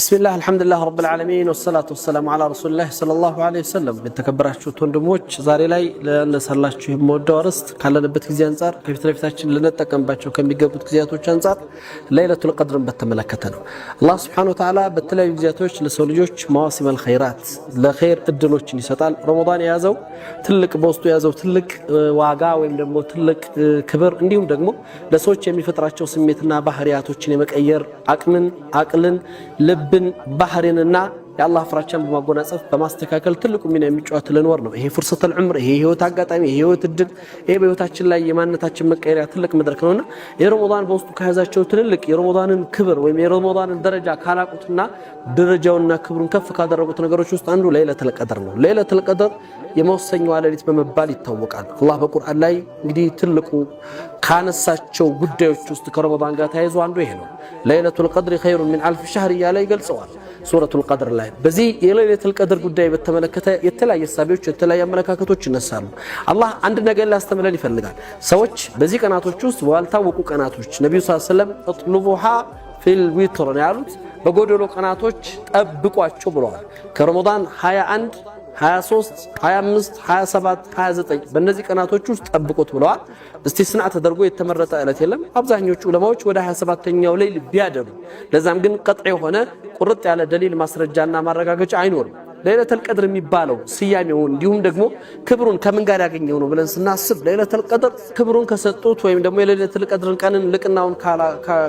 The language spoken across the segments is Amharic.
ቢስሚላህ አልሐምዱሊላህ ረብል ዓለሚን ወሰላቱ ወሰላሙ ዓላ ረሱሊላህ ሰለላሁ ዓለይሂ ወሰለም። የተከበራችሁት ወንድሞች ዛሬ ላይ ለነሰላችሁ የምወደው አርዕስት ካለንበት ጊዜ አንጻር ከፊት ለፊታችን ልንጠቀምባቸው ከሚገቡት ጊዜያቶች አንጻር ለይለቱል ቀድርን በተመለከተ ነው። አላህ ሱብሓነሁ ወተዓላ በተለያዩ ጊዜያቶች ለሰው ልጆች መዋሲመል ኸይራት ለኸይር እድሎችን ይሰጣል። ረመዳን የያዘው ትልቅ በውስጡ የያዘው ትልቅ ዋጋ ወይም ደግሞ ትልቅ ክብር እንዲሁም ደግሞ ለሰዎች የሚፈጥራቸው ስሜትና ባህሪያቶችን የመቀየር አቅምን፣ አቅልን፣ ልብ ያለብን ባህርንና የአላህ ፍራቻን በማጎናጸፍ በማስተካከል ትልቁ ሚና የሚጫወት ልንወር ነው። ይሄ ፉርሰተል ዕምር ይሄ ህይወት አጋጣሚ፣ ይሄ ህይወት እድል፣ ይሄ በህይወታችን ላይ የማንነታችን መቀየሪያ ትልቅ መድረክ ነውና የረመዳን በውስጡ ከያዛቸው ትልልቅ የረመዳንን ክብር ወይም የረመዳንን ደረጃ ካላቁትና ደረጃውና ክብሩን ከፍ ካደረጉት ነገሮች ውስጥ አንዱ ለይለቱል ቀድር ነው። ለይለቱል ቀድር የመወሰኛዋ ሌሊት በመባል ይታወቃል። አላህ በቁርአን ላይ እንግዲህ ትልቁ ካነሳቸው ጉዳዮች ውስጥ ከረመዳን ጋር ተያይዞ አንዱ ይሄ ነው። ለይለቱል ቀድር ኸይሩን ሚን አልፍ ሸህር እያለ ይገልጸዋል። ሱረቱል ቀድር ላይ በዚህ የሌለቱል ቀድር ጉዳይ በተመለከተ የተለያየ ሳቢዎች የተለያየ አመለካከቶች ይነሳሉ። አላህ አንድ ነገር ሊያስተምረን ይፈልጋል። ሰዎች በዚህ ቀናቶች ውስጥ ባልታወቁ ቀናቶች ነቢዩ ሰለላሁ ዐለይሂ እጥሉቡሃ ፊል ነው ያሉት፣ በጎደሎ ቀናቶች ጠብቋቸው ብለዋል። ከረመዳን 21 23፣ 25፣ 27፣ 29 በእነዚህ ቀናቶች ውስጥ ጠብቁት ብለዋል። እስቲስና ተደርጎ የተመረጠ ዕለት የለም። አብዛኞቹ ዑለማዎች ወደ 27ኛው ሌሊት ቢያደሩ፣ ለዛም ግን ቀጥ የሆነ ቁርጥ ያለ ደሊል ማስረጃና ማረጋገጫ አይኖርም። ለይለተል ቀድር የሚባለው ስያሜው እንዲሁም ደግሞ ክብሩን ከምን ጋር ያገኘው ነው ብለን ስናስብ ለይለተል ቀድር ክብሩን ከሰጡት ወይም ደግሞ የለይለተል ቀድርን ቀንን ልቅናውን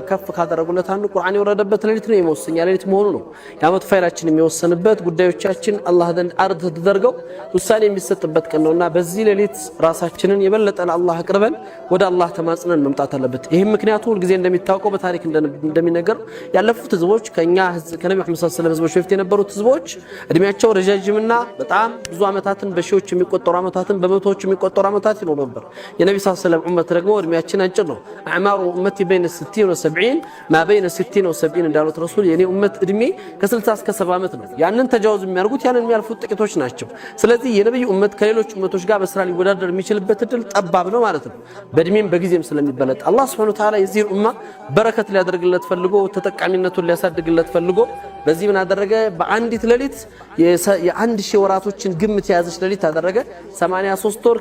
ከፍ ካደረጉለት አንዱ ቁርአን የወረደበት ሌሊት ነው፣ የመወሰኛ ሌሊት መሆኑ ነው። የዓመቱ ፋይዳችን የሚወሰንበት ጉዳዮቻችን አላህ ዘንድ አርድ ተደርገው ውሳኔ የሚሰጥበት ቀን ነውና በዚህ ሌሊት ራሳችንን የበለጠ ለአላህ አቅርበን ወደ አላህ ተማጽነን መምጣት አለበት። ይህም ምክንያቱ ሁልጊዜ እንደሚታወቀው በታሪክ እንደሚነገር ያለፉት ህዝቦች ከኛ ከነቢ መሐመድ ሰለላሁ ህዝቦች በፊት የነበሩት ህዝቦች እድሜያቸው እድሜያቸው ረጃጅምና በጣም ብዙ ዓመታትን በሺዎች የሚቆጠሩ ዓመታትን በመቶዎች የሚቆጠሩ ዓመታት ይኖሩ ነበር። የነቢ ስ ሰለም መት ደግሞ እድሜያችን አጭር ነው። አዕማሩ ኡመቲ በይነ ስቲን ወሰብዒን ማ በይነ ስቲን ወሰብዒን እንዳሉት ረሱል የኔ ኡመት እድሜ ከስልሳ እስከ ሰባ ዓመት ነው። ያንን ተጃወዝ የሚያደርጉት ያንን የሚያልፉት ጥቂቶች ናቸው። ስለዚህ የነቢይ ኡመት ከሌሎች ኡመቶች ጋር በስራ ሊወዳደር የሚችልበት እድል ጠባብ ነው ማለት ነው። በእድሜም በጊዜም ስለሚበለጥ አላህ ስብሐነሁ ወተዓላ የዚህ ኡማ በረከት ሊያደርግለት ፈልጎ ተጠቃሚነቱን ሊያሳድግለት ፈልጎ በዚህ ምን አደረገ በአንዲት ሌሊት የአንድ ሺህ ወራቶችን ግምት የያዘች ሌሊት አደረገ። 83 ወር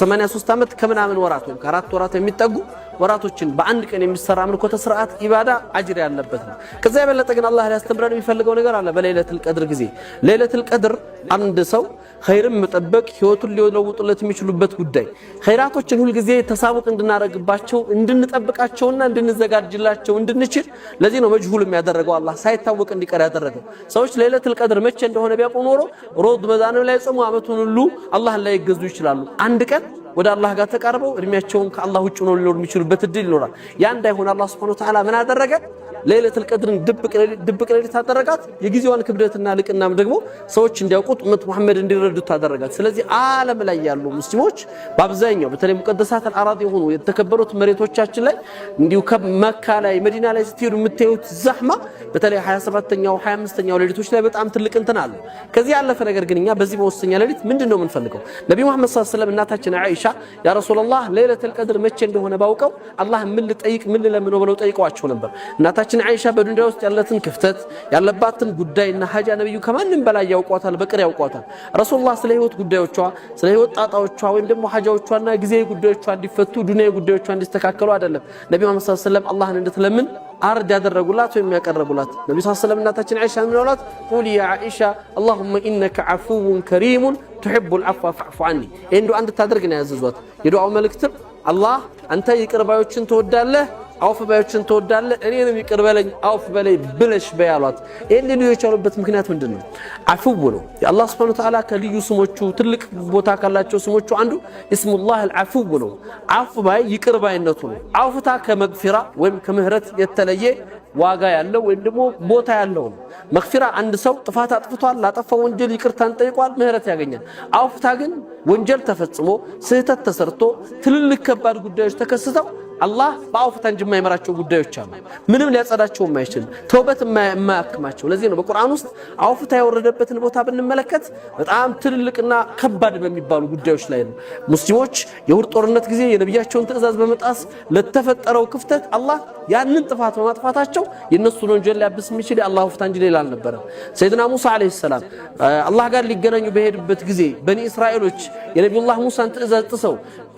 83 ዓመት ከምናምን ወራት ወይም ከአራት ወራት የሚጠጉ ወራቶችን በአንድ ቀን የሚሰራ ምልኮተ ስርዓት ኢባዳ አጅር ያለበት ነው። ከዛ የበለጠ ግን አላህ ሊያስተምረን የሚፈልገው ነገር አለ። በሌለቱል ቀድር ጊዜ ሌለቱል ቀድር አንድ ሰው ኸይርን መጠበቅ ህይወቱን ሊለውጡለት የሚችሉበት ጉዳይ ኸይራቶችን ሁልጊዜ ተሳቡቅ እንድናደርግባቸው እንድንጠብቃቸውና እንድንዘጋጅላቸው እንድንችል ለዚህ ነው መጅሁልም ያደረገው አላህ ሳይታወቅ እንዲቀር ያደረገው። ሰዎች ሌለቱል ቀድር መቼ እንደሆነ ቢያውቁ ኖሮ ሮድ መዛንም ላይ ጽሙ አመቱን ሁሉ አላህን ላይ ይገዙ ይችላሉ። አንድ ቀን ወደ አላህ ጋር ተቃርበው እድሜያቸውን ከአላህ ውጭ ነው ሊኖር የሚችሉበት እድል ይኖራል። ያ እንዳይሆን አላህ ሱብሓነሁ ወተዓላ ምን አደረገ? ለይለቱል ቀድርን ድብቅ ሌሊት ታደረጋት። የጊዜዋን ክብደትና ልቅናም ደግሞ ሰዎች እንዲያውቁት ኡመት መሐመድ እንዲረዱት ታደረጋት። ስለዚህ ዓለም ላይ ያሉ ሙስሊሞች በአብዛኛው በተለይ ሙቀደሳት አራድ የሆኑ የተከበሩት መሬቶቻችን ላይ እንዲሁ ከመካ ላይ መዲና ላይ ስትሄዱ የምታዩት ዛህማ በተለይ 27ኛው 25ኛው ሌሊቶች ላይ በጣም ትልቅ እንትን አለ። ከዚህ ያለፈ ነገር ግን እኛ በዚህ በወሰኛ ሌሊት ምንድነው የምንፈልገው? ነቢ መሐመድ ሰለላሁ ዐለይሂ ወሰለም እናታችን አይሻ ያ ረሱላህ ለይለቱል ቀድር መቼ እንደሆነ ባውቀው አላህ ምን ልጠይቅ ምን ልለምነው ብለው ጠይቀዋቸው ነበር እናታችን እህታችን አይሻ በዱንያ ውስጥ ያለትን ክፍተት ያለባትን ጉዳይና ሀጃ ነብዩ ከማንም በላይ ያውቋታል፣ በቅር ያውቋታል። ረሱሉላህ ስለ ህይወት ጉዳዮቿ ስለ ህይወት ጣጣዎቿ ወይም ደግሞ ሀጃዎቿና ጊዜ ጉዳዮቿ እንዲፈቱ ዱንያ ጉዳዮቿ እንዲስተካከሉ አይደለም ነቢ መሐመድ ሰለም አላህን እንድትለምን አርድ ያደረጉላት ወይም ያቀረቡላት ነቢ ስ ሰለም እናታችን አይሻ ምን ቁል ያ አይሻ አላሁመ ኢነከ ዓፉውን ከሪሙን ትሕቡል ዓፍዋ ፈዕፉ አኒ። ይህን ዱዓ እንድታደርግ ነው ያዘዟት። የዱዓው መልእክትም አላህ አንተ ይቅርባዮችን ትወዳለህ አውፍ ባዮችን ትወዳለህ፣ እኔንም ይቅር በለኝ አውፍ በለኝ ብለሽ በያሏት። ይህን ልዩ የቻሉበት ምክንያት ምንድን ነው? አፍው ነው። የአላህ ስብሐነ ወተዓላ ከልዩ ስሞቹ ትልቅ ቦታ ካላቸው ስሞቹ አንዱ እስሙላህ አፍው ነው። አፍ ባይ ይቅር ባይነቱ ነው። አውፍታ ከመግፊራ ወይም ከምህረት የተለየ ዋጋ ያለው ወይም ደግሞ ቦታ ያለው ነው። መግፊራ አንድ ሰው ጥፋት አጥፍቷል፣ ላጠፋው ወንጀል ይቅርታን ጠይቋል፣ ምህረት ያገኛል። አውፍታ ግን ወንጀል ተፈጽሞ ስህተት ተሰርቶ ትልልቅ ከባድ ጉዳዮች ተከስተው አላህ በአፉ ፈንጅ የማይመራቸው ጉዳዮች አሉ። ምንም ሊያጸዳቸው የማይችል ተውበት የማያክማቸው። ለዚህ ነው በቁርአን ውስጥ አፉ ፈንታ የወረደበትን ቦታ ብንመለከት በጣም ትልልቅና ከባድ በሚባሉ ጉዳዮች ላይ ነው። ሙስሊሞች የውድ ጦርነት ጊዜ የነቢያቸውን ትዕዛዝ በመጣስ ለተፈጠረው ክፍተት አላህ ያንን ጥፋት በማጥፋታቸው የእነሱን ወንጀል ሊያብስ የሚችል የአላህ አፉ ፈንታ እንጂ ሌላ አልነበረም። ሰይድና ሙሳ ዓለይሂ ሰላም አላህ ጋር ሊገናኙ በሄዱበት ጊዜ በኒ እስራኤሎች የነቢዩላህ ሙሳን ትዕዛዝ ጥሰው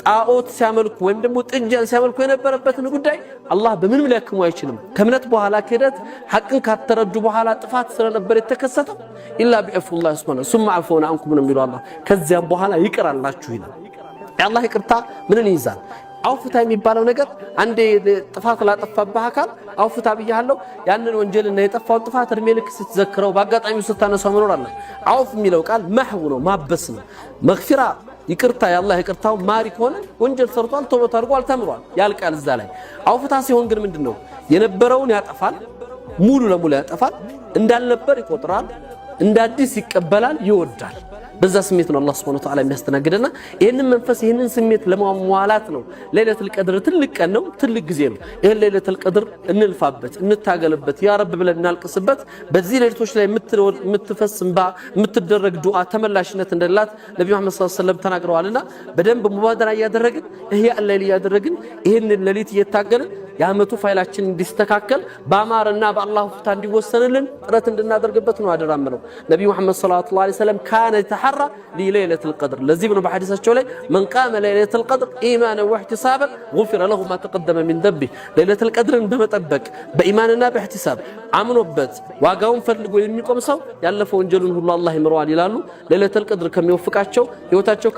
ጣዖት ሲያመልኩ ወይም ደግሞ ጥጃን ሲያመልኩ የነበረበትን ጉዳይ አላህ በምንም ሊያክሙ አይችልም። ከእምነት በኋላ ክህደት፣ ሐቅን ካተረዱ በኋላ ጥፋት ስለነበር የተከሰተው ኢላ ቢዕፉላህ ስሆነ ሱመ ዓፈውነ አንኩም ነው የሚለው አላህ። ከዚያም በኋላ ይቅር ይላል። የአላህ ይቅርታ ምንን ይይዛል? አውፍታ የሚባለው ነገር አንዴ ጥፋት ላጠፋብህ አካል አውፍታ ብያለሁ። ያንን ወንጀልና የጠፋውን ጥፋት እድሜ ልክ ስትዘክረው፣ በአጋጣሚው ስታነሳው መኖር አለ። አውፍ የሚለው ቃል መህው ነው፣ ማበስ ነው። መግፊራ ይቅርታ የአላህ ይቅርታው ማሪ ከሆነ ወንጀል ሰርቷል፣ ቶሎ አድርጓል፣ ተምሯል፣ ያልቃል እዛ ላይ። አውፍታ ሲሆን ግን ምንድነው የነበረውን ያጠፋል፣ ሙሉ ለሙሉ ያጠፋል፣ እንዳልነበር ይቆጥራል፣ እንደ አዲስ ይቀበላል፣ ይወዳል። በዛ ስሜት ነው አላህ ሱብሃነሁ ወተዓላ የሚያስተናግደና ይህንን መንፈስ ይህንን ስሜት ለማሟላት ነው። ለይለቱል ቀድር ትልቅ ቀን ነው፣ ትልቅ ጊዜ ነው። ይህን ለይለቱል ቀድር እንልፋበት፣ እንታገልበት፣ ያ ረብ ብለን እናልቅስበት። በዚህ ሌሊቶች ላይ የምትፈስ እንባ፣ የምትደረግ ዱዓ ተመላሽነት እንደላት ነቢ መሐመድ ሰለላሁ ዐለይሂ ወሰለም ተናግረዋልና በደንብ ሙባደራ እያደረግን ኢህያእ ለይል እያደረግን ይህንን ሌሊት እየታገልን የአመቱ ፋይላችን እንዲስተካከል በአማርና በአላህ ፍታ እንዲወሰንልን ጥረት እንድናደርግበት ነው አደራ ምለው ነቢ መሐመድ ሰለላሁ ዐለይሂ ወሰለም ካነ يتحرى لليلة القدر لذي بنو بحديثاቸው ላይ من قام ليلة القدر إيمانا واحتسابا غفر له ما تقدم من ذنبه ليلة القدر በመጠበቅ በኢማንና በኢህቲሳብ አምኖበት ዋጋውን ፈልጎ የሚቆም ሰው ያለፈ ወንጀሉን ሁሉ አላህ ይምረዋል ይላሉ። ለይለተል ቀድር ከሚወፍቃቸው ህይወታቸው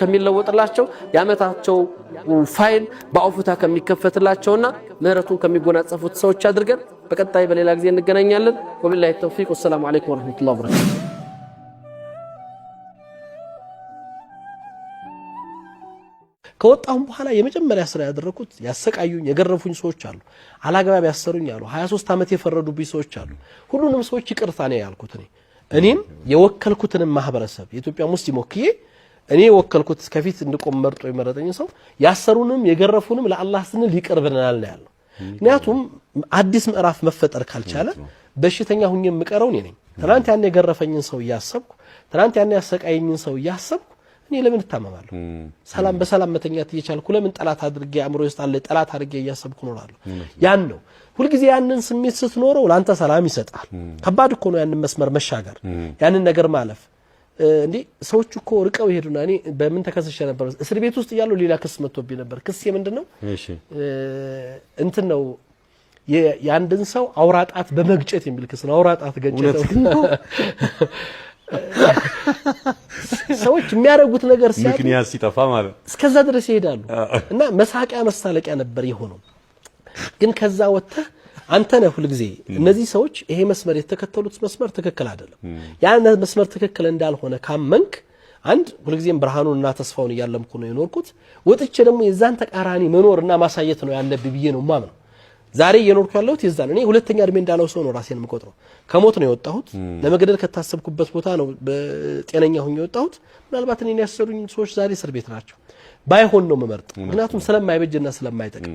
ከሚለወጥላቸው የአመታቸው ፋይል በአውፍታ ከሚከፈትላቸውና ምህረቱን ከሚጎናጸፉት ሰዎች አድርገን በቀጣይ በሌላ ጊዜ እንገናኛለን። ወቢላሂ ተውፊቅ። ወሰላሙ አለይኩም ወረህመቱላሂ ወበረካቱ። ከወጣሁም በኋላ የመጀመሪያ ስራ ያደረኩት ያሰቃዩኝ የገረፉኝ ሰዎች አሉ፣ አላግባብ ያሰሩኝ አሉ፣ 23 ዓመት የፈረዱብኝ ሰዎች አሉ። ሁሉንም ሰዎች ይቅርታ ነው ያልኩት። እኔ እኔም የወከልኩትንም ማህበረሰብ የኢትዮጵያ ሙስሊም ወክዬ እኔ የወከልኩት ከፊት እንድቆም መርጦ የመረጠኝ ሰው ያሰሩንም የገረፉንም ለአላህ ስንል ይቅር ብለናል ነው ያለው። ምክንያቱም አዲስ ምዕራፍ መፈጠር ካልቻለ በሽተኛ ሁኜ የምቀረው እኔ ነኝ። ትናንት ያን የገረፈኝን ሰው እያሰብኩ ትናንት ያን ያሰቃየኝን ሰው እያሰብኩ እኔ ለምን እታመማለሁ? ሰላም በሰላም መተኛት እየቻልኩ ለምን ጠላት አድርጌ አእምሮ ውስጥ አለ ጠላት አድርጌ እያሰብኩ እኖራለሁ? ያን ነው ሁልጊዜ ያንን ስሜት ስትኖረው ለአንተ ሰላም ይሰጣል። ከባድ እኮ ነው ያንን መስመር መሻገር፣ ያንን ነገር ማለፍ። እንዴ ሰዎች እኮ ርቀው ይሄዱና እኔ በምን ተከስሼ ነበር? እስር ቤት ውስጥ እያለሁ ሌላ ክስ መጥቶብኝ ነበር። ክስ የምንድን ነው? እንትን ነው የአንድን ሰው አውራጣት በመግጨት የሚል ክስ ነው። አውራጣት ገጨተው ሰዎች የሚያደርጉት ነገር ምክንያት ሲጠፋ ማለት እስከዛ ድረስ ይሄዳሉ እና መሳቂያ መሳለቂያ ነበር የሆነው። ግን ከዛ ወጥተህ አንተ ነህ ሁልጊዜ እነዚህ ሰዎች ይሄ መስመር የተከተሉት መስመር ትክክል አይደለም፣ ያን መስመር ትክክል እንዳልሆነ ካመንክ አንድ ሁልጊዜም ብርሃኑንና ተስፋውን እያለምኩ ነው የኖርኩት። ወጥቼ ደግሞ የዛን ተቃራኒ መኖርና ማሳየት ነው ያለብኝ ብዬ ነው የማምነው። ዛሬ እየኖርኩ ያለሁት የዛን እኔ ሁለተኛ እድሜ እንዳለው ሰው ነው ራሴን የምቆጥረው። ከሞት ነው የወጣሁት። ለመገደል ከታሰብኩበት ቦታ ነው በጤነኛ ሁኝ የወጣሁት። ምናልባት እኔን ያሰሩኝ ሰዎች ዛሬ እስር ቤት ናቸው። ባይሆን ነው የምመርጥ፣ ምክንያቱም ስለማይበጅና ስለማይጠቅም።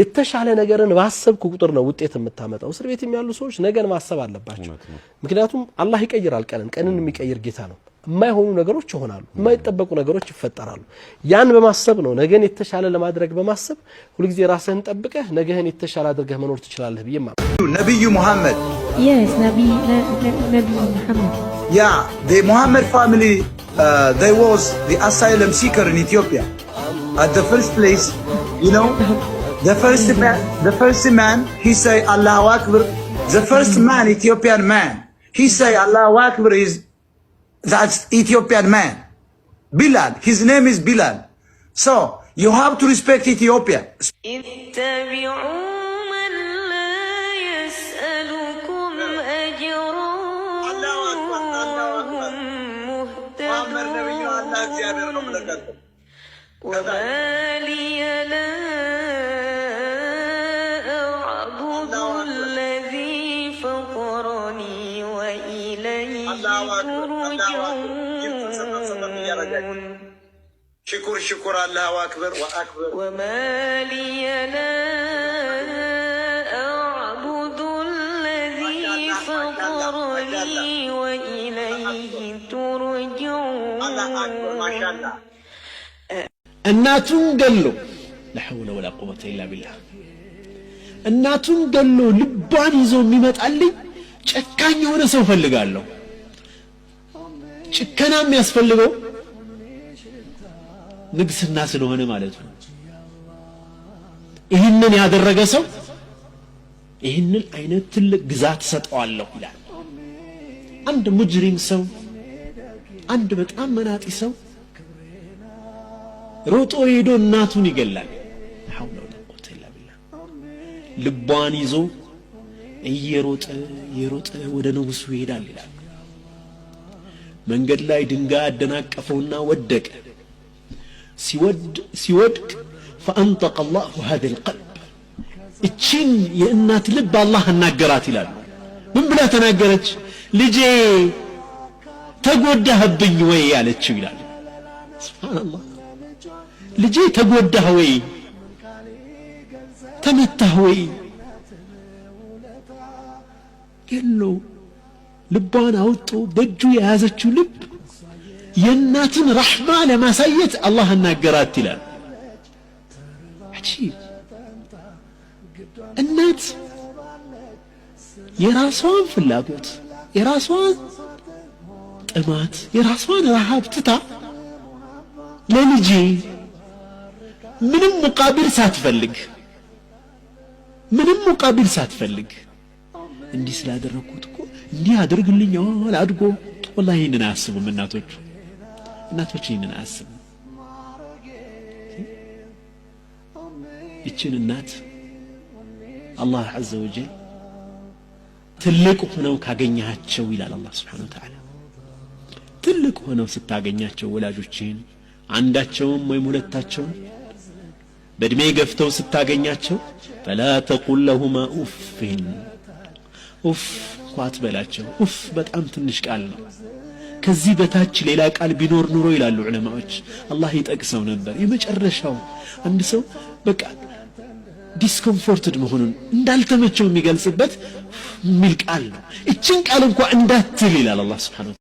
የተሻለ ነገርን ባሰብኩ ቁጥር ነው ውጤት የምታመጣው። እስር ቤት ያሉ ሰዎች ነገን ማሰብ አለባቸው። ምክንያቱም አላህ ይቀይራል ቀንን። ቀንን የሚቀይር ጌታ ነው። የማይሆኑ ነገሮች ይሆናሉ፣ የማይጠበቁ ነገሮች ይፈጠራሉ። ያን በማሰብ ነው ነገን የተሻለ ለማድረግ በማሰብ ሁልጊዜ ራስህን ጠብቀህ ነገህን የተሻለ አድርገህ መኖር ትችላለህ ብዬ ማ ነቢዩ ሙሐመድ uh, ያ ሙሐመድ ፋሚሊ ዋዝ አሳይለም ሲከር ኢን ኢትዮጵያ አት ፈርስት ፕሌስ ዩ ኖው ፈርስት ማን ሂ ሰይ አላሁ አክብር ፈርስት ማን ኢትዮጵያን ማን ሂ ሰይ አላሁ አክብር ኢዝ That's Ethiopian man. Bilal. His name is Bilal. So you have to respect Ethiopia. وما لي لا ሽኩር ሽኩር አላህ አክበር ወአክበር ወማሊየና እናቱን ገሎ ለሐውለ ወላ ቁወተ ኢላ ቢላህ እናቱን ገሎ ልቧን ይዞ የሚመጣልኝ ጨካኝ የሆነ ሰው ፈልጋለሁ። ጭከና የሚያስፈልገው ንግስና ስለሆነ ማለት ነው። ይህንን ያደረገ ሰው ይህንን አይነት ትልቅ ግዛት ሰጠዋለሁ ይላል። አንድ ሙጅሪም ሰው፣ አንድ በጣም መናጢ ሰው ሮጦ ሄዶ እናቱን ይገላል። ልቧን ይዞ እየሮጠ እየሮጠ ወደ ንጉሱ ይሄዳል ይላል። መንገድ ላይ ድንጋይ አደናቀፈውና ወደቀ። ሲወድቅ ፈአንጠቀ አላሁ ሃደ ልቀልብ እቺን የእናት ልብ አላህ አናገራት ይላሉ ምን ብላ ተናገረች ልጄ ተጎዳህብኝ ወይ ያለችው ይላል ስብናላህ ልጄ ተጎዳህ ወይ ተመታህ ወይ የለው ልቧን አውጦ በእጁ የያዘችው ልብ የእናትን ረሕማ ለማሳየት አላህ እናገራት ይላል። እናት የራሷን ፍላጎት፣ የራሷን ጥማት፣ የራሷን ረሃብ ትታ ለልጄ ምንም ሙቃቢል ሳትፈልግ ምንም ሙቃቢል ሳትፈልግ እንዲህ ስላደረግኩት እኮ እንዲህ አድርግልኝ አድጎ ወላሂ ይህንን አያስቡም እናቶቹ። እናቶች ይህንን አያስቡ። ይችን እናት አላህ ዐዘ ወጀል ትልቅ ሆነው ካገኘሃቸው ይላል አላህ ስብሓነሁ ወተዓላ ትልቅ ሆነው ስታገኛቸው ወላጆችህን አንዳቸውም ወይም ሁለታቸውን በእድሜ ገፍተው ስታገኛቸው ፈላ ተቁል ለሁማ ኡፍን ኡፍ እኮ በላቸው ኡፍ በጣም ትንሽ ቃል ነው። ከዚህ በታች ሌላ ቃል ቢኖር ኑሮ ይላሉ ዑለማዎች፣ አላህ ይጠቅሰው ነበር። የመጨረሻው አንድ ሰው በቃ ዲስኮምፎርትድ መሆኑን እንዳልተመቸው የሚገልጽበት የሚል ቃል ነው። እችን ቃል እንኳ እንዳትል ይላል አላህ ሱብሓነሁ